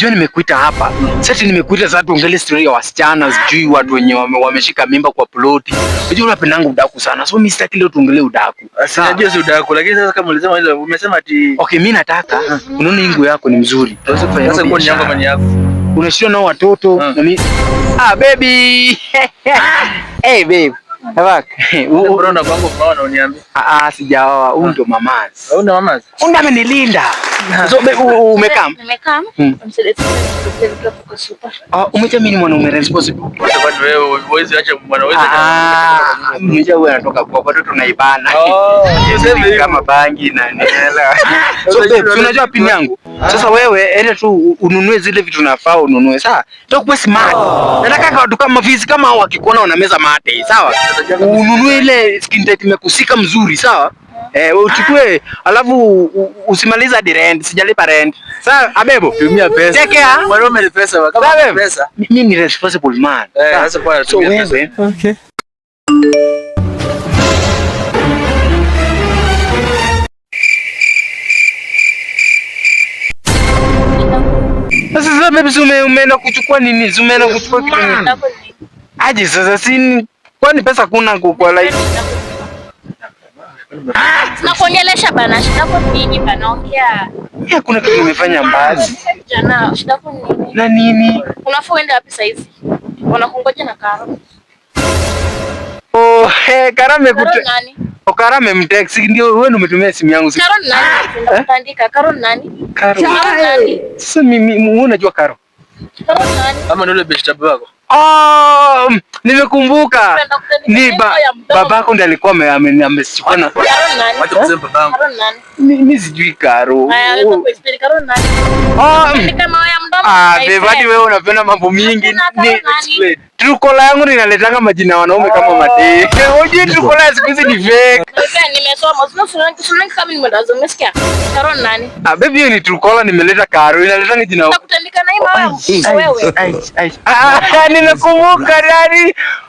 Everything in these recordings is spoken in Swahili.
Jua nimekuita hapa sasa, nimekuita sasa tuongelee story ya wasichana, sijui watu wenye wameshika mimba kwa ploti. Unajua unapenda ngu udaku sana, so mimi sitaki leo tuongelee udaku. Unajua ah, si udaku, lakini sasa kama ulisema hilo, umesema ati okay, mimi nataka ah. unaona ngu yako ni mzuri, sasa kwa ni kwa nyango ni yako, unashinda nao watoto ah. na mimi ah, baby hey babe Ah, ah, sijaoa, huyu ndo mamazi. Unda amenilinda. Umekaa? Nimekaa. Umecha mimi ni mwanaume responsible. Wewe ah, anatoka kwa watoto na oh, Kama bangi na nela. Unajua pini yangu? Sasa wewe ende tu ununue zile vitu nafaa ununue. Sawa? Tokuwe smart. Oh. Nataka watu kama fizi kama hao wakikuona wanameza mate, sawa? Ununue ile skin tight imekusika mzuri, sawa? Eh, uchukue alafu usimaliza di rent, sijalipa rent. Sawa, abebo. Tumia pesa. Take care. Mwanaume umelipa pesa, kama pesa. Mimi ni responsible man. Eh, sasa kwa tumia pesa. Okay. Mbona babies umeenda kuchukua nini? Umeenda kuchukua kitu nini? Aje sasa si kwani pesa kuna kwa life? nakuongelesha bana, shida kwa nini bana ongea? Ya eh, kuna kitu umefanya mbazi. Jana shida kwa nini? Na nini? Unafaa uende wapi sasa hizi? Wanakungoja na karo. Oh, hey, eh, Karame kutu. Nani? Karo amemtext ndio wewe ndio umetumia simu yangu. Karo nani? Eh? Karo nani? Karo nani? Sasa mimi unajua Karo. Karo nani? Ama ndio yule bishop wako. Oh, nimekumbuka. Ni babako ndiye alikuwa ameshikwa na. Mimi sijui Karo. Haya, Karo nani? Oh, kama Ah, bevadi wewe unapenda mambo mingi. Ni Trukola yangu ninaletanga majina wanaume kama oh. madee. Hojie Trukola siku hizi ni fake. Nimesoma, sio kama ni mwandazo, umesikia? Karo nani? Ah, baby hiyo ni Trukola nimeleta Karo. Inaletanga jina. Nakutandika na hii wewe. Ah, ah, ah, Ninakumbuka nani?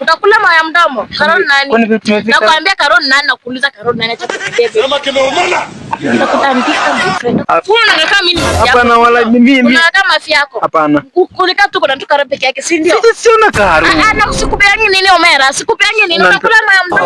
Utakula maya mdomo. Karoni nani? Nakwambia Karoni nani nakuuliza Karoni nani acha kubebe. Mama kimeumana. Utakutandika ah. mimi Hapana wala mimi. Kuna kama yako. Hapana. Kulika tu kuna yake si ndio? sio ah, ah, na Ah, nini Omera? Sikubeani nini? Utakula maya mdomo.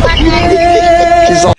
Yeah.